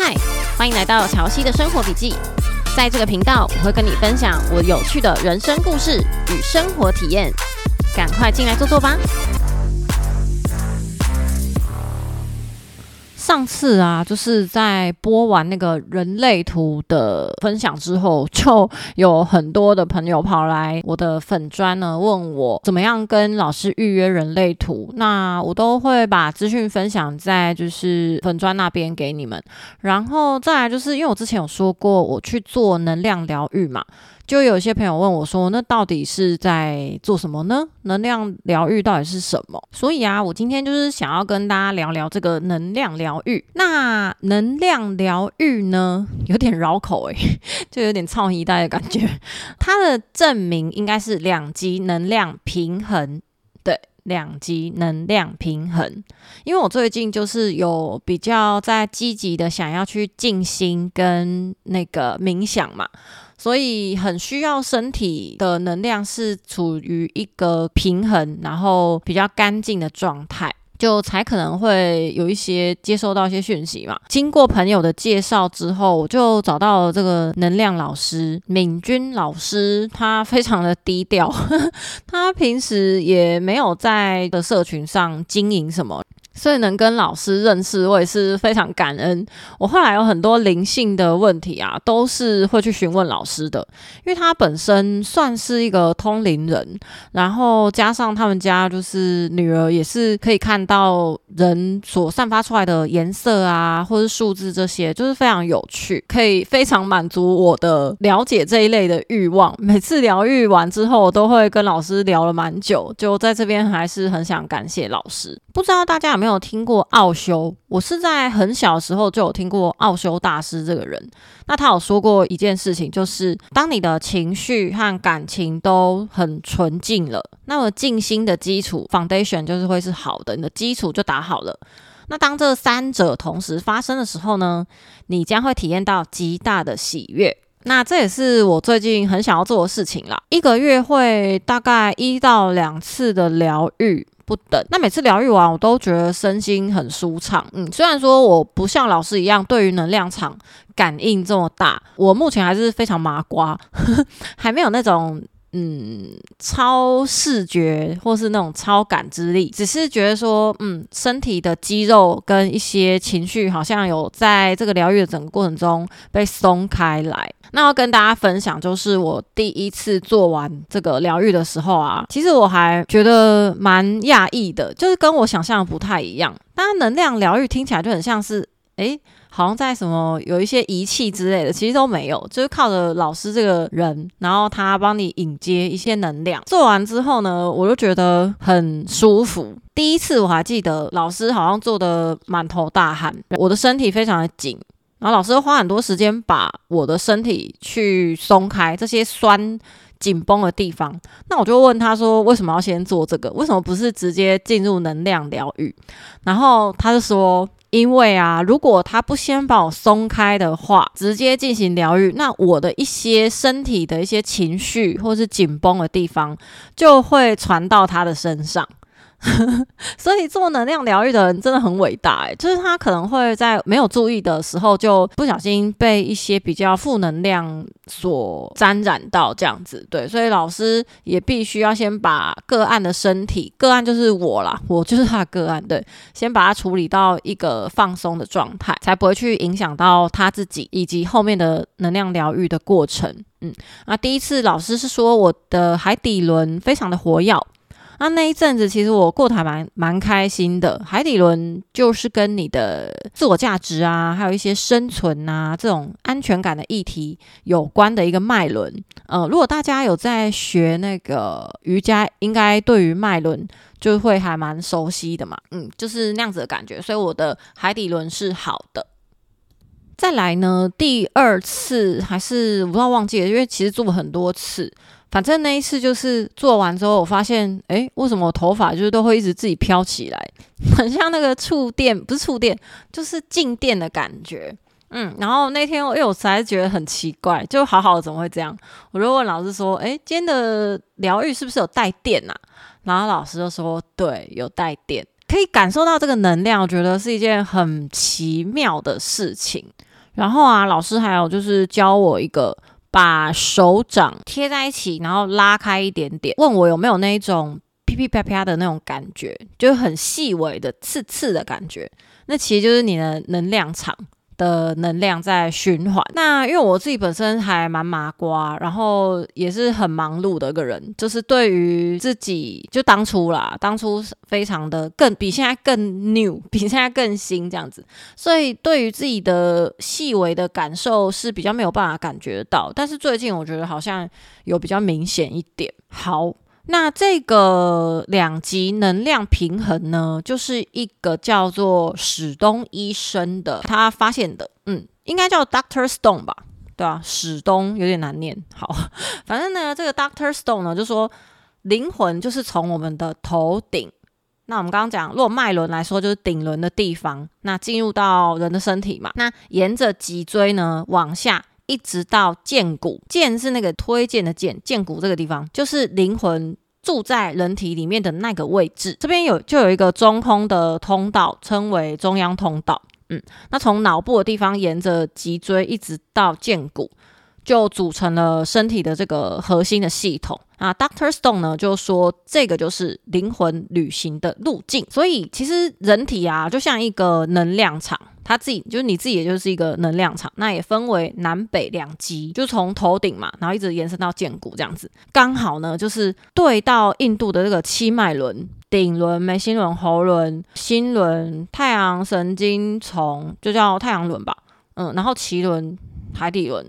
嗨，歡迎來到蕎希的生活筆記。在這個頻道，我會跟你分享我有趣的人生故事與生活體驗。趕快進來坐坐吧。上次啊，就是在播完那個人類圖的分享之後，就有很多的朋友跑來我的粉專呢，問我怎麼樣跟老師預約人類圖。那我都會把資訊分享在就是粉專那邊給你們。然後再來就是因為我之前有說過，我去做能量療癒嘛。就有些朋友問我說：“那到底是在做什麼呢？能量療癒到底是什麼？”所以啊，我今天就是想要跟大家聊聊這個能量療癒。那能量療癒呢，有點繞口誒、欸， 就有點臭奶呆的感覺。它的正名應該是兩極能量平衡，對，兩極能量平衡。因為我最近就是有比較在積極的想要去靜心跟那個冥想嘛。所以很需要身體的能量是處於一個平衡，然後比較乾淨的狀態，就才可能會有一些接收到一些訊息嘛。經過朋友的介紹之後，我就找到了這個能量老師，敏君老師，他非常的低調，呵呵，他平時也沒有在的社群上經營什麼。所以能跟老師認識，我也是非常感恩。我後來有很多靈性的問題啊，都是會去詢問老師的，因為他本身算是一個通靈人，然後加上他們家就是女兒也是可以看到人所散發出來的顏色啊，或是數字這些，就是非常有趣，可以非常滿足我的了解這一類的欲望。每次療癒完之後，我都會跟老師聊了蠻久，就在這邊還是很想感謝老師。不知道大家有沒有？沒有聽過奧修，我是在很小的時候就有聽過奧修大師這個人。那他有說過一件事情，就是當你的情緒和感情都很純淨了，那麼靜心的基礎 foundation 就是會是好的，你的基礎就打好了。那當這三者同時發生的時候呢，你將會體驗到極大的喜悅。那這也是我最近很想要做的事情啦。一個月會大概一到兩次的療癒。不等，那每次療癒完，我都覺得身心很舒暢。嗯，雖然說我不像老師一樣對於能量場感應這麼大，我目前還是非常麻瓜，呵呵還沒有那種。嗯，超視覺或是那種超感知力，只是覺得說，嗯，身體的肌肉跟一些情緒好像有在這個療癒的整個過程中被鬆開來。那要跟大家分享，就是我第一次做完這個療癒的時候啊，其實我還覺得蠻訝異的，就是跟我想象的不太一樣。當然，能量療癒聽起來就很像是，哎、欸。好像在什麼有一些儀器之類的，其實都沒有，就是靠着老師這個人，然後他幫你引接一些能量。做完之後呢，我就覺得很舒服。第一次我還記得老師好像做得滿頭大汗，我的身體非常的緊，然後老師花很多時間把我的身體去鬆開這些酸緊繃的地方。那我就問他說：“為什麼要先做這個？為什麼不是直接進入能量療癒？”然後他就說。因為啊，如果他不先把我鬆開的話，直接進行療癒，那我的一些身體的一些情緒或是緊繃的地方，就會傳到他的身上。 所以做能量療癒的人真的很偉大誒、欸，就是他可能會在沒有注意的時候，就不小心被一些比較負能量所沾染到，這樣子。對，所以老師也必須要先把個案的身體，個案就是我啦，我就是他個案，對，先把它處理到一個放鬆的狀態，才不會去影響到他自己以及後面的能量療癒的過程。嗯，那第一次老師是說我的海底輪非常的活躍。那、啊、那一陣子，其實我過得還蠻蠻開心的。海底輪就是跟你的自我價值啊，還有一些生存啊這種安全感的議題有關的一個脈輪。呃，如果大家有在學那個瑜伽，應該對於脈輪就會還蠻熟悉的嘛。嗯，就是那樣子的感覺。所以我的海底輪是好的。再來呢，第二次還是我不知道忘記了，因為其實做過很多次。反正那一次就是做完之後，我發現，欸，為什麼我頭髮就是都會一直自己飄起來，很像那個觸電，不是觸電，就是靜電的感覺。嗯，然後那天我，因為我實在覺得很奇怪，就好好的怎麼會這樣，我就問老師說，欸，今天的療癒是不是有帶電啊？然後老師就說，對，有帶電，可以感受到這個能量，我覺得是一件很奇妙的事情。然後啊，老師還有就是教我一個。把手掌貼在一起，然後拉開一點點，問我有沒有那一種噼噼啪啪,啪啪的那種感覺，就是很細微的刺刺的感覺，那其實就是你的能量場。的能量在循環。那因為我自己本身還蠻麻瓜，然後也是很忙碌的一個人，就是對於自己，就當初啦，當初非常的更，比現在更 new，比現在更新這樣子。所以對於自己的細微的感受是比較沒有辦法感覺得到。但是最近我覺得好像有比較明顯一點。好。那這個兩極能量平衡呢，就是一個叫做史東醫生的他發現的，嗯，應該叫 Doctor Stone 吧，對吧、啊？史東有點難念，好，反正呢，這個 Doctor Stone 呢，就說靈魂就是從我們的頭頂，那我們剛剛講，如果脈輪來說，就是頂輪的地方，那進入到人的身體嘛，那沿着脊椎呢往下。一直到薦骨，薦是那個推薦的薦，薦骨這個地方就是靈魂住在人體裡面的那個位置。這邊有就有一個中空的通道，稱為中央通道。嗯，那從腦部的地方沿着脊椎一直到薦骨。就組成了身體的這個核心的系統啊，Dr. Stone 呢就說這個就是靈魂旅行的路徑。所以其實人體啊，就像一個能量場，它自己就是你自己，也就是一個能量場。那也分為南北兩極，就從頭頂嘛，然後一直延伸到肩骨這樣子，剛好呢就是對到印度的這個七脈輪：頂輪、眉心輪、喉輪、心輪、太陽神經叢，就叫太陽輪吧，嗯，然後臍輪、海底輪。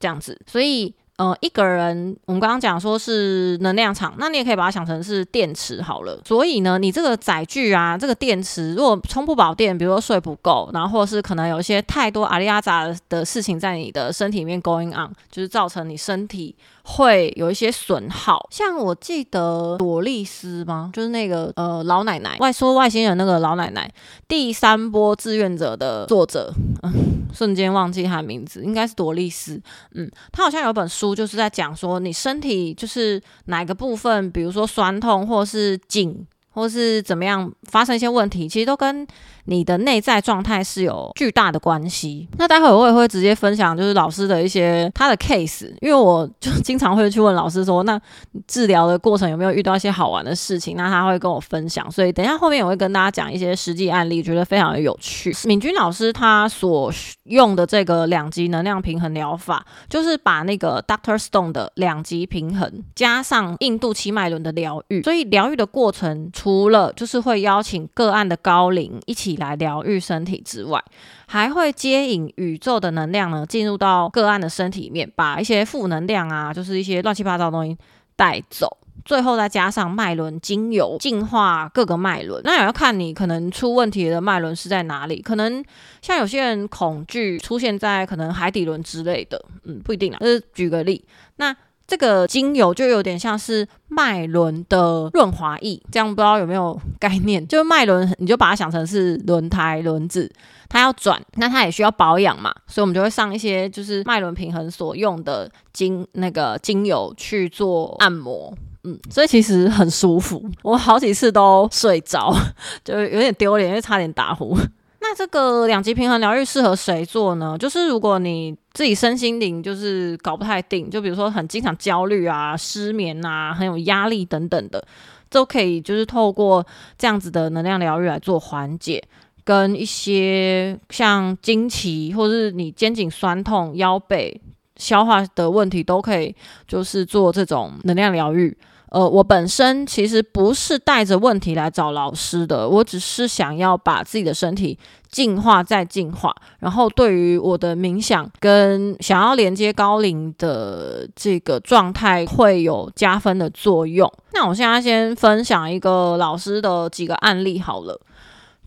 這樣子，所以呃，一個人，我們剛剛講說是能量場，那你也可以把它想成是電池好了。所以呢，你這個載具啊，這個電池如果充不飽電，比如說睡不夠，然後或者是可能有一些太多阿里阿雜的事情在你的身體裡面 going on，就是造成你身體會有一些損耗。像我記得朵莉絲嗎？就是那個呃老奶奶，外說外星人那個老奶奶，第三波志願者的作者。呃瞬間忘記他的名字，應該是朵麗絲。嗯，他好像有本書，就是在講說，你身體就是哪個部分，比如說痠痛，或是緊，或是怎麼樣，發生一些問題，其實都跟，你的內在狀態是有巨大的關係。那待會我也會直接分享，就是老師的一些他的 case，因為我就經常會去問老師說，那治療的過程有沒有遇到一些好玩的事情？那他會跟我分享。所以等一下後面也會跟大家講一些實際案例，覺得非常的有趣。敏君老師他所用的這個兩極能量平衡療法，就是把那個 Doctor Stone 的兩極平衡加上印度七脈輪的療癒，所以療癒的過程除了就是會邀請個案的高靈一起。來療癒身體之外，還會接引宇宙的能量呢，進入到個案的身體裡面，把一些負能量啊，就是一些亂七八糟的東西帶走。最後再加上脈輪精油淨化各個脈輪，那也要看你可能出問題的脈輪是在哪裡。可能像有些人恐懼出現在可能海底輪之類的，嗯，不一定啦。就是舉個例，那。這個精油就有點像是脈輪的潤滑液，這樣不知道有沒有概念？就是脈輪，你就把它想成是輪胎輪子，它要轉，那它也需要保養嘛，所以我們就會上一些就是脈輪平衡所用的精那個精油去做按摩，嗯，所以其實很舒服，我好幾次都睡着，就有點丟臉，因為差點打呼。那這個兩極平衡療癒適合誰做呢？就是如果你自己身心靈就是搞不太定，就比如說很經常焦慮啊、失眠啊、很有壓力等等的，都可以就是透過這樣子的能量療癒來做緩解，跟一些像經期，或是你肩頸痠痛、腰背、消化的問題，都可以就是做這種能量療癒。呃，我本身其實不是帶着問題來找老師的，我只是想要把自己的身體進化再進化，然後對於我的冥想跟想要連接高靈的這個狀態會有加分的作用。那我現在先分享一個老師的幾個案例好了。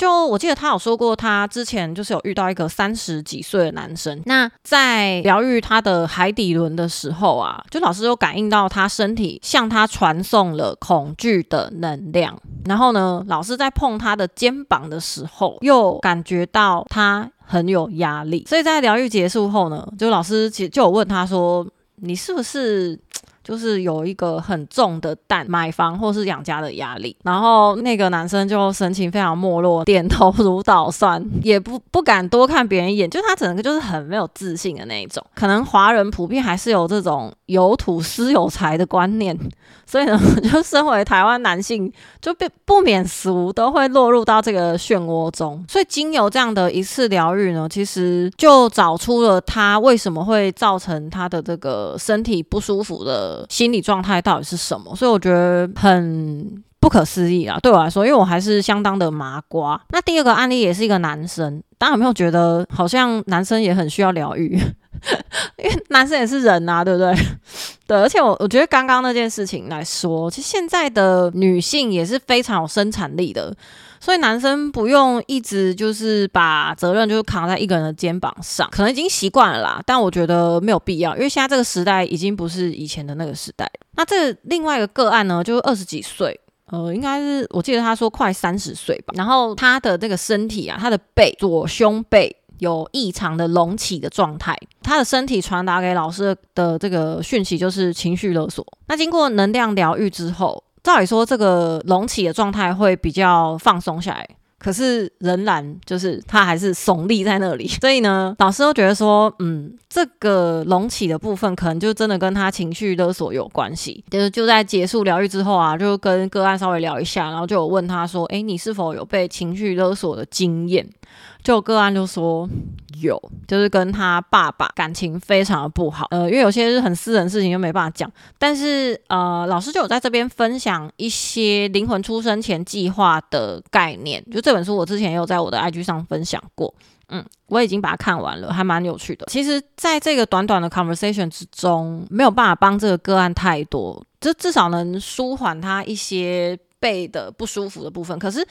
就我記得他有說過，他之前就是有遇到一個三十幾歲的男生，那在療癒他的海底輪的時候啊，就老師又感應到他身體向他傳送了恐懼的能量，然後呢，老師在碰他的肩膀的時候，又感覺到他很有壓力，所以在療癒結束後呢，就老師其實就有問他說，你是不是？就是有一個很重的擔，買房或是養家的壓力，然後那個男生就神情非常沒落，點頭如搗蒜，也不不敢多看別人一眼，就是他整個就是很沒有自信的那一種。可能華人普遍還是有這種有土斯有財的觀念，所以呢，就身為台灣男性，就免不免俗都會落入到這個漩渦中。所以經由這樣的一次療癒呢，其實就找出了他為什麼會造成他的這個身體不舒服的。心理狀態到底是什麼？所以我覺得很不可思議啊，對我來說，因為我還是相當的麻瓜。那第二個案例也是一個男生，大家有沒有覺得好像男生也很需要療癒？ 因為男生也是人啊，對不對？對，而且我我覺得剛剛那件事情來說，其實現在的女性也是非常有生產力的，所以男生不用一直就是把責任就是扛在一個人的肩膀上，可能已經習慣了啦。但我覺得沒有必要，因為現在這個時代已經不是以前的那個時代。那這個另外一個個案呢，就是二十幾歲，呃，應該是我記得他說快三十歲吧。然後他的這個身體啊，他的背、左胸、背。有異常的隆起的狀態，他的身體傳達給老師的這個訊息就是情緒勒索。那經過能量療癒之後，照理說這個隆起的狀態會比較放鬆下來，可是仍然就是他還是聳立在那裡。所以呢，老師都覺得說，嗯，這個隆起的部分可能就真的跟他情緒勒索有關係。就是就在結束療癒之後啊，就跟個案稍微聊一下，然後就有問他說，誒、欸，你是否有被情緒勒索的經驗？就有個案就說有，就是跟他爸爸感情非常的不好，呃，因為有些是很私人的事情就沒辦法講。但是呃，老師就有在這邊分享一些靈魂出生前計劃的概念，就這本書我之前也有在我的 IG 上分享過，嗯，我已經把它看完了，還蠻有趣的。其實，在這個短短的 conversation 之中，沒有辦法幫這個個案太多，這至少能舒緩他一些背的不舒服的部分。可是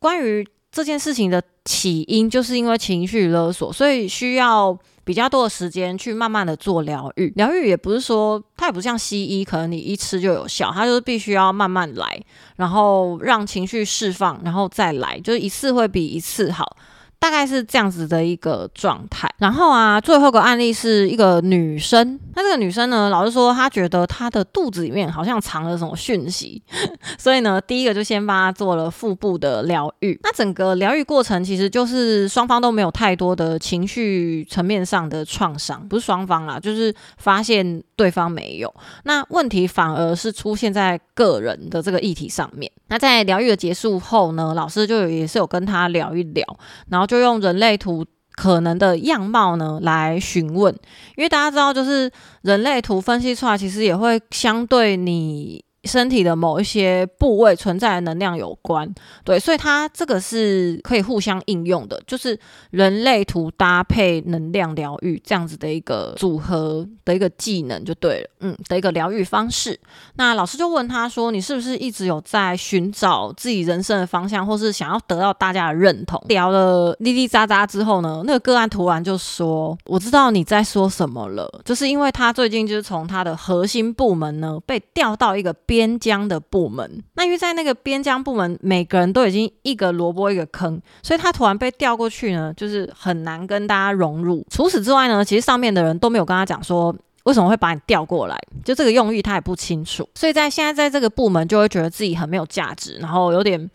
關於這件事情的起因就是因為情緒勒索，所以需要比較多的時間去慢慢的做療癒。療癒也不是說，它也不像西醫，可能你一吃就有效，它就是必須要慢慢來，然後讓情緒釋放，然後再來，就是一次會比一次好。大概是這樣子的一個狀態，然後啊，最後一個案例是一個女生，那這個女生呢，老是說她覺得她的肚子裡面好像藏了什麼訊息， 所以呢，第一個就先幫她做了腹部的療癒。那整個療癒過程其實就是雙方都沒有太多的情緒層面上的創傷，不是雙方啦，就是發現。對方沒有，那問題反而是出現在個人的這個議題上面。那在療癒的結束後呢，老師就也是有跟他聊一聊，然後就用人類圖可能的樣貌呢來詢問，因為大家知道，就是人類圖分析出來，其實也會相對你。身體的某一些部位存在的能量有關，對，所以它這個是可以互相應用的，就是人類圖搭配能量療癒這樣子的一個組合的一個技能就對了，嗯，的一個療癒方式。那老師就問他說：“你是不是一直有在尋找自己人生的方向，或是想要得到大家的認同？”聊了嘰嘰喳喳之後呢，那個個案突然就說：“我知道你在說什麼了，就是因為他最近就是從他的核心部門呢被調到一個。”邊疆的部門，那因為在那個邊疆部門，每個人都已經一個蘿蔔一個坑，所以他突然被調過去呢，就是很難跟大家融入。除此之外呢，其實上面的人都沒有跟他講說為什麼會把你調過來，就這個用意他也不清楚。所以在現在在這個部門，就會覺得自己很沒有價值，然後有點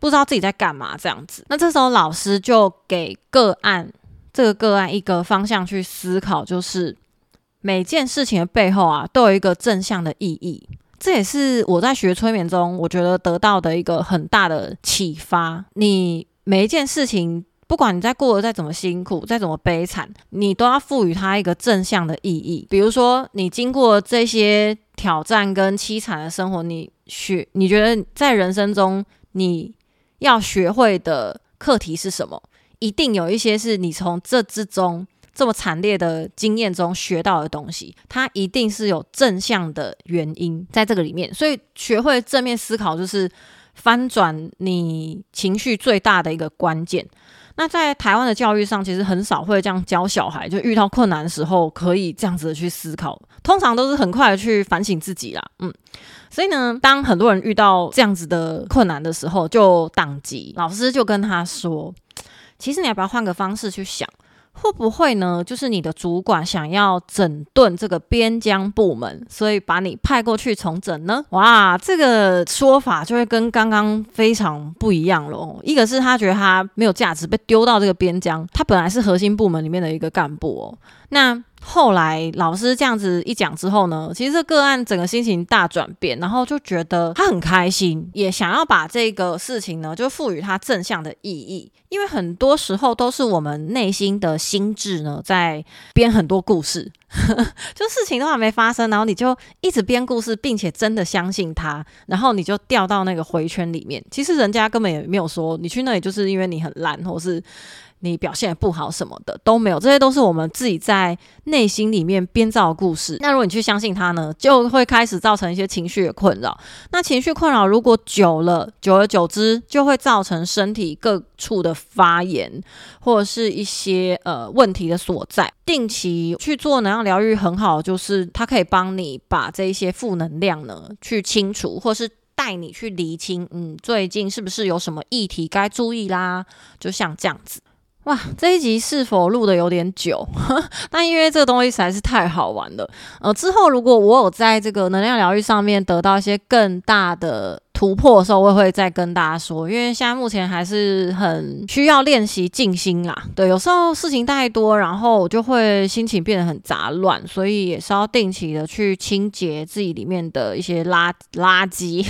不知道自己在幹嘛這樣子。那這時候老師就給個案，這個個案一個方向去思考，就是每件事情的背後啊，都有一個正向的意義。這也是我在學催眠中，我覺得得到的一個很大的啟發。你每一件事情，不管你在過得再怎麼辛苦，再怎麼悲慘，你都要賦予它一個正向的意義。比如說，你經過這些挑戰跟淒慘的生活，你學，你覺得在人生中你要學會的課題是什麼？一定有一些是你從這之中。這麼慘烈的經驗中學到的東西，它一定是有正向的原因在這個裡面，所以學會正面思考就是翻轉你情緒最大的一個關鍵。那在台灣的教育上，其實很少會這樣教小孩，就遇到困難的時候可以這樣子的去思考，通常都是很快的去反省自己啦。嗯，所以呢，當很多人遇到這樣子的困難的時候，就當機，老師就跟他說：“其實你要不要換個方式去想？”會不會呢？就是你的主管想要整頓這個邊疆部門，所以把你派過去重整呢？哇，這個說法就會跟剛剛非常不一樣咯。一個是他覺得他沒有價值，被丟到這個邊疆，他本來是核心部門裡面的一個幹部哦。那。後來老師這樣子一講之後呢，其實這個案整個心情大轉變，然後就覺得他很開心，也想要把這個事情呢，就賦予他正向的意義。因為很多時候都是我們內心的心智呢，在編很多故事， 就事情都還沒發生，然後你就一直編故事，並且真的相信他，然後你就掉到那個回圈裡面。其實人家根本也沒有說你去那裡就是因為你很爛，或是。你表現不好什麼的都沒有，這些都是我們自己在內心裡面編造的故事。那如果你去相信他呢，就會開始造成一些情緒的困擾。那情緒困擾如果久了，久而久之就會造成身體各處的發炎，或者是一些呃問題的所在。定期去做能量療癒很好，就是它可以幫你把這一些負能量呢去清除，或是帶你去釐清，嗯，最近是不是有什麼議題該注意啦？就像這樣子。哇，這一集是否錄的有點久？ 但因為這個東西實在是太好玩了，呃，之後如果我有在這個能量療癒上面得到一些更大的。突破的時候，我也會再跟大家說，因為現在目前還是很需要練習靜心啦。對，有時候事情太多，然後我就會心情變得很雜亂，所以也是要定期的去清潔自己裡面的一些垃垃圾、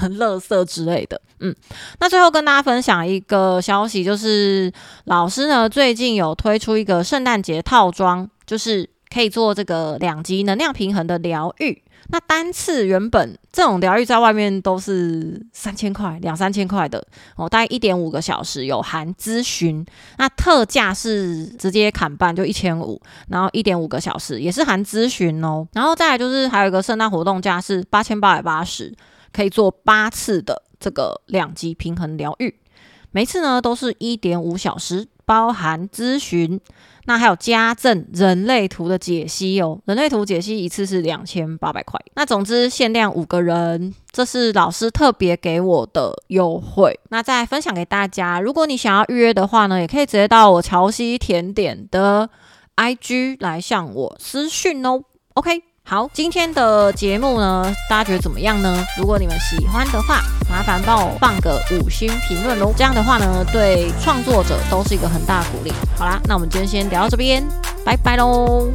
垃圾、垃圾之類的。嗯，那最後跟大家分享一個消息，就是老師呢最近有推出一個聖誕節套裝，就是。可以做這個兩極能量平衡的療癒，那單次原本這種療癒在外面都是三千塊，兩三千塊的哦，大概一點五個小時，有含諮詢。那特價是直接砍半，就一千五，然後一點五個小時也是含諮詢哦。然後再來就是還有一個聖誕活動價是八千八百八十，可以做八次的這個兩極平衡療癒，每次呢都是一點五小時，包含諮詢。那還有加贈人類圖的解析哦，人類圖解析一次是兩千八百塊。那總之限量五個人，這是老師特別給我的優惠。那再分享給大家，如果你想要預約的話呢，也可以直接到我蕎希甜點的 IG 來向我私訊哦。OK。好，今天的節目呢，大家覺得怎麼樣呢？如果你們喜歡的話，麻煩幫我放個五星評論咯。這樣的話呢，對創作者都是一個很大的鼓勵。好啦，那我們今天先聊到這邊，拜拜嘍。